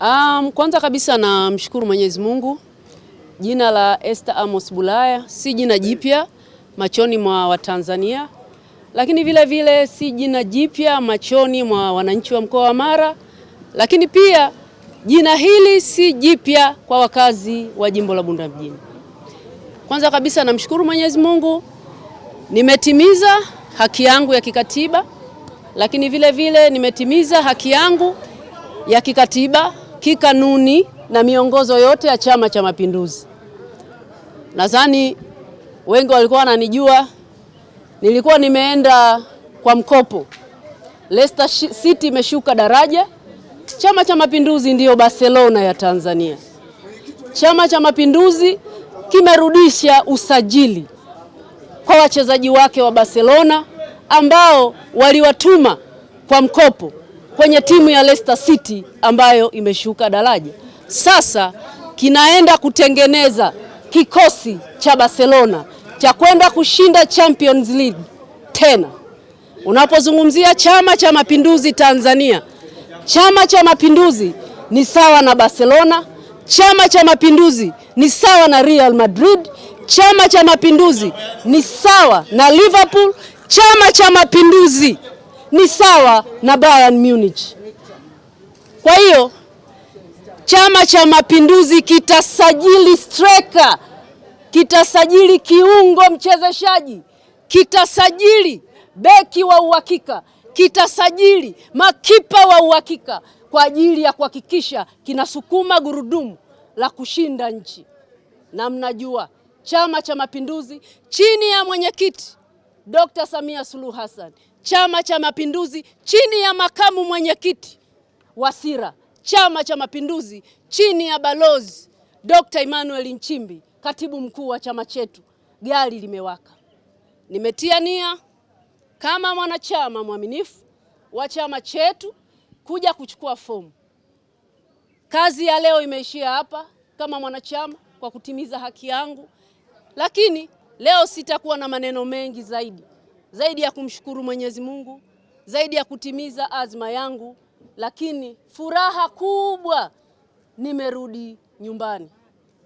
Um, kwanza kabisa namshukuru Mwenyezi Mungu. Jina la Esther Amos Bulaya si jina jipya machoni mwa Watanzania, lakini vile vile si jina jipya machoni mwa wananchi wa mkoa wa Mara, lakini pia jina hili si jipya kwa wakazi wa jimbo la Bunda mjini. Kwanza kabisa namshukuru Mwenyezi Mungu, nimetimiza haki yangu ya kikatiba, lakini vile vile nimetimiza haki yangu ya kikatiba, kikanuni na miongozo yote ya Chama cha Mapinduzi. Nadhani wengi walikuwa wananijua, nilikuwa nimeenda kwa mkopo. Leicester City imeshuka daraja. Chama cha Mapinduzi ndiyo Barcelona ya Tanzania. Chama cha Mapinduzi kimerudisha usajili kwa wachezaji wake wa Barcelona ambao waliwatuma kwa mkopo kwenye timu ya Leicester City ambayo imeshuka daraja. Sasa kinaenda kutengeneza kikosi cha Barcelona cha kwenda kushinda Champions League tena. Unapozungumzia Chama cha Mapinduzi Tanzania, Chama cha Mapinduzi ni sawa na Barcelona, Chama cha Mapinduzi ni sawa na Real Madrid, Chama cha Mapinduzi ni sawa na Liverpool, Chama cha Mapinduzi ni sawa na Bayern Munich. Kwa hiyo Chama cha Mapinduzi kitasajili striker, kitasajili kiungo mchezeshaji, kitasajili beki wa uhakika, kitasajili makipa wa uhakika kwa ajili ya kuhakikisha kinasukuma gurudumu la kushinda nchi. Na mnajua Chama cha Mapinduzi chini ya mwenyekiti Dr. Samia Suluhu Hassan Chama cha Mapinduzi chini ya makamu mwenyekiti Wasira, Chama cha Mapinduzi chini ya Balozi Dr. Emmanuel Nchimbi, katibu mkuu wa chama chetu, gari limewaka. Nimetia nia kama mwanachama mwaminifu wa chama chetu kuja kuchukua fomu. Kazi ya leo imeishia hapa kama mwanachama kwa kutimiza haki yangu, lakini leo sitakuwa na maneno mengi zaidi zaidi ya kumshukuru Mwenyezi Mungu, zaidi ya kutimiza azma yangu, lakini furaha kubwa, nimerudi nyumbani.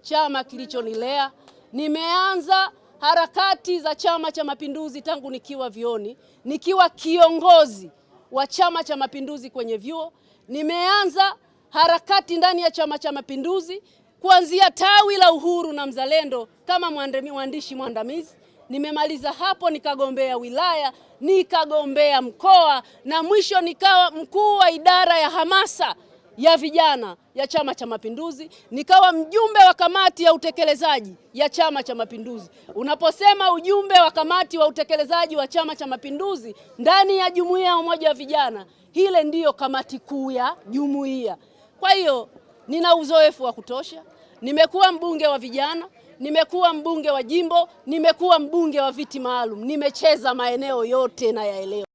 Chama kilichonilea, nimeanza harakati za Chama cha Mapinduzi tangu nikiwa vioni, nikiwa kiongozi wa Chama cha Mapinduzi kwenye vyuo. Nimeanza harakati ndani ya Chama cha Mapinduzi kuanzia tawi la Uhuru na Mzalendo kama mwandishi mwandamizi Nimemaliza hapo nikagombea wilaya, nikagombea mkoa na mwisho nikawa mkuu wa idara ya hamasa ya vijana ya Chama cha Mapinduzi, nikawa mjumbe wa kamati ya utekelezaji ya Chama cha Mapinduzi. Unaposema ujumbe wa kamati wa utekelezaji wa Chama cha Mapinduzi ndani ya jumuiya ya umoja wa vijana, hile ndiyo kamati kuu ya jumuiya. Kwa hiyo nina uzoefu wa kutosha, nimekuwa mbunge wa vijana nimekuwa mbunge wa jimbo, nimekuwa mbunge wa viti maalum, nimecheza maeneo yote na yaelewa